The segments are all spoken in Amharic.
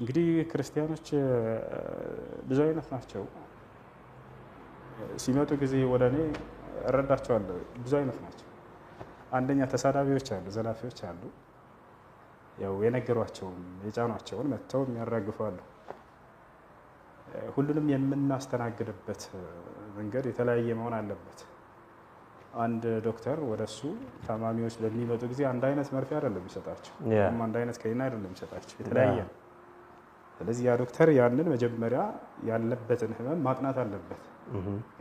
እንግዲህ ክርስቲያኖች ብዙ አይነት ናቸው። ሲመጡ ጊዜ ወደ እኔ እረዳቸዋለሁ። ብዙ አይነት ናቸው። አንደኛ ተሳዳቢዎች አሉ፣ ዘላፊዎች አሉ። ያው የነገሯቸውን የጫኗቸውን መጥተው የሚያራግፉ አሉ። ሁሉንም የምናስተናግድበት መንገድ የተለያየ መሆን አለበት። አንድ ዶክተር ወደ እሱ ታማሚዎች በሚመጡ ጊዜ አንድ አይነት መርፌ አይደለም ይሰጣቸው፣ አንድ አይነት ክኒን አይደለም ይሰጣቸው፣ የተለያየ ነው። ስለዚህ ያ ዶክተር ያንን መጀመሪያ ያለበትን ህመም ማጥናት አለበት፣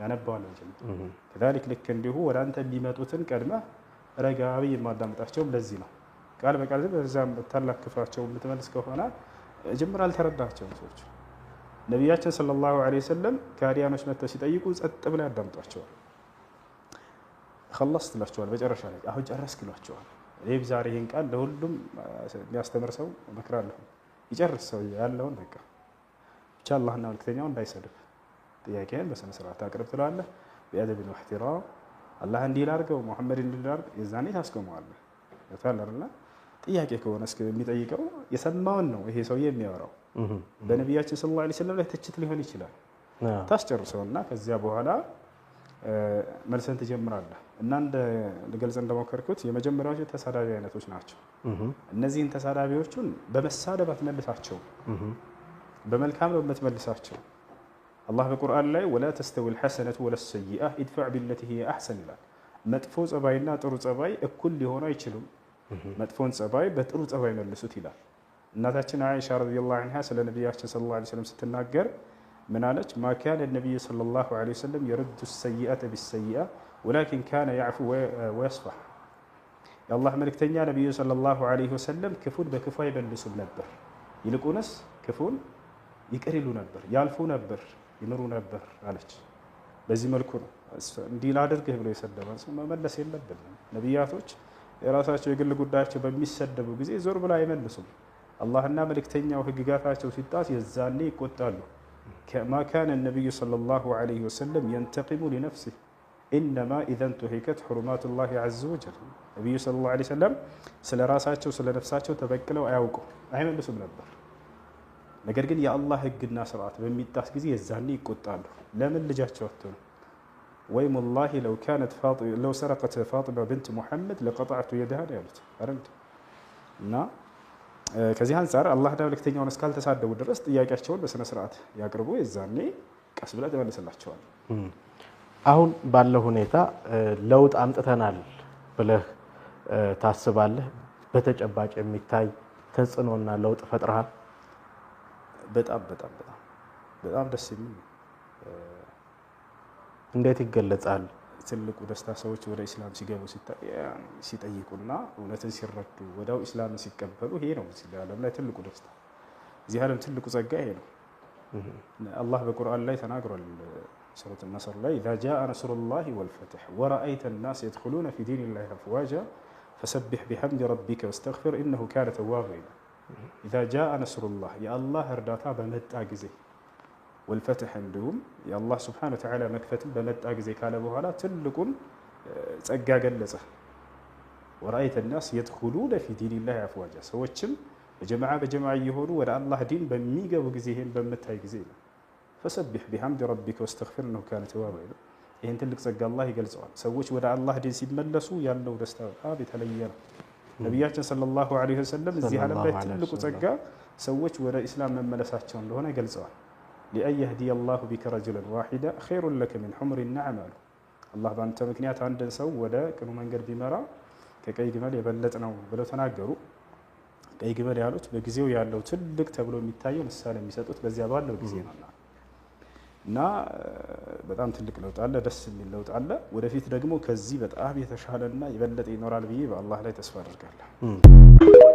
ያነባዋል መጀመሪያ። ከዛሊክ ልክ እንዲሁ ወደ አንተ የሚመጡትን ቀድመ ረጋ ብዬ የማዳምጣቸውም ለዚህ ነው። ቃል በቃል ዝም በዛ ታላቅ ክፍራቸው የምትመልስ ከሆነ ጀምር አልተረዳቸውም ሰዎች። ነቢያችን ሰለላሁ ዐለይሂ ወሰለም ከአዲያኖች መጥተው ሲጠይቁ ጸጥ ብላ ያዳምጧቸዋል። ከላስ ትላቸዋል። መጨረሻ ላይ አሁን ጨረስክ ይሏቸዋል። ይህ ዛሬ ይህን ቃል ለሁሉም የሚያስተምር ሰው እመክራለሁ። ይጨርስ ሰው ያለውን በቃ ብቻ አላህና መልክተኛው እንዳይሰድብ ጥያቄን በስነ ስርዓት አቅርብ ትላለህ። ቢአደብን ወሕትራም አላህ እንዲህ ላድርገው ሙሐመድ እንዲህ ላድርግ የዛኔ ታስቆመዋለህ። ታለርና ጥያቄ ከሆነ እስ የሚጠይቀው የሰማውን ነው ይሄ ሰውዬ የሚያወራው በነቢያችን ስለ ላ ስለም ላይ ትችት ሊሆን ይችላል። ታስጨርሰውና ከዚያ በኋላ መልሰን ትጀምራለህ እና እንደ ልገልጽ እንደሞከርኩት የመጀመሪያዎቹ ተሳዳቢ አይነቶች ናቸው። እነዚህን ተሳዳቢዎቹን በመሳደብ አትመልሳቸው፣ በመልካም ነው የምትመልሳቸው። አላህ በቁርአን ላይ ወላ ተስተዊ ልሐሰነቱ ወለሰይአ ኢድፋዕ ቢለቲ ሂየ አሕሰን ይላል። መጥፎ ጸባይና ጥሩ ጸባይ እኩል ሊሆኑ አይችሉም። መጥፎን ጸባይ በጥሩ ጸባይ መልሱት ይላል። እናታችን አይሻ ረዲየላሁ ዐንሃ ስለ ነቢያችን ሰለላሁ ዐለይሂ ወሰለም ስትናገር ምን አለች? ማ ካነ ነቢዩ ሰለላሁ ዐለይሂ ወሰለም የረዱ ሰይአተ ቢሰይአ ወላኪን ካነ ያዕፉ ወየስፋሕ። የአላህ መልክተኛ ነቢዩ ሰለላሁ ዐለይሂ ወሰለም ክፉን በክፉ አይመልሱም ነበር፣ ይልቁንስ ክፉን ይቅር ይሉ ነበር፣ ያልፉ ነበር፣ ይምሩ ነበር አለች። በዚህ መልኩ ነው እንዲህ ላድርግህ ብሎ የሰደበን ሰው መመለስ የለብንም። ነቢያቶች የራሳቸው የግል ጉዳያቸው በሚሰደቡ ጊዜ ዞር ብላ አይመልሱም። አላህና መልእክተኛው ህግጋታቸው ሲጣስ የዛኔ ይቆጣሉ። ما كان النبي صلى الله عليه وسلم ينتقم لنفسه إنما إذا انتهكت حرمات الله عز وجل النبي صلى الله عليه وسلم سل راساته سل نفساته تبكلوا أعوكو أهم اللي سبنا الضر نقر يا الله حق الناس رأت بميت تاس كزي يزاني قطاله لا من اللي جاهت شوتون ويم الله لو كانت فاطمة لو سرقت فاطمة بنت محمد لقطعت يدها ليلت أرمت نعم ከዚህ አንጻር አላህና መልእክተኛውን እስካልተሳደቡ ድረስ ጥያቄያቸውን በስነ ስርዓት ያቅርቡ። የዛኔ ቀስ ብለህ ትመልስላቸዋል። አሁን ባለው ሁኔታ ለውጥ አምጥተናል ብለህ ታስባለህ? በተጨባጭ የሚታይ ተጽዕኖና ለውጥ ፈጥረሃል? በጣም በጣም በጣም በጣም ደስ የሚል እንዴት ይገለጻል? تلك ودستا سويت ولا إسلام سجاب وستا يعني سيت أي كنا ولا تنسي الرد إسلام سيكبر وهي نو سيدا لم لا تلك ودستا زي هذا تلك وزجاج الله بالقرآن لا يتناقر سورة النصر لا إذا جاء نصر الله والفتح ورأيت الناس يدخلون في دين الله أفواجا فسبح بحمد ربك واستغفر إنه كان توابا إذا جاء نصر الله يا الله رداتا بمت أجزه والفتح عندهم يا الله سبحانه وتعالى مكفت بمت أجزي كلا بهلا تلقون تجا جلزة ورأيت الناس يدخلون في دين الله أفواجا سوتشم بجماعة بجماعة يهونوا ولا الله دين بميجا وجزيهم بمت أجزيهم فسبح بحمد ربك واستغفر انه كان توابا إيه انت اللي تزكى الله يقال سؤال سويش ولا الله دين سيد ملسو يا نور استغفر ابي تليل نبياتنا صلى الله عليه وسلم زي على بيت تلك تزكى سويش ولا اسلام من ملسات شون لهنا قال سؤال ሊአን የህዲየ አላሁ ቢከ ረጁለን ዋሂደ ኸይሩን ለከ ሚን ሑምሪን ነዓም አሉ። አላህ በአንተ ምክንያት አንድን ሰው ወደ ቅኑ መንገድ ቢመራ ከቀይ ግመል የበለጥ ነው ብለው ተናገሩ። ቀይ ግመል ያሉት በጊዜው ያለው ትልቅ ተብሎ የሚታየው ምሳሌ የሚሰጡት በዚያ ባለው ጊዜ ነው እና በጣም ትልቅ ለውጥ አለ፣ ደስ የሚል ለውጥ አለ። ወደፊት ደግሞ ከዚህ በጣም የተሻለና የበለጠ ይኖራል ብዬ በአላህ ላይ ተስፋ አድርጋለሁ።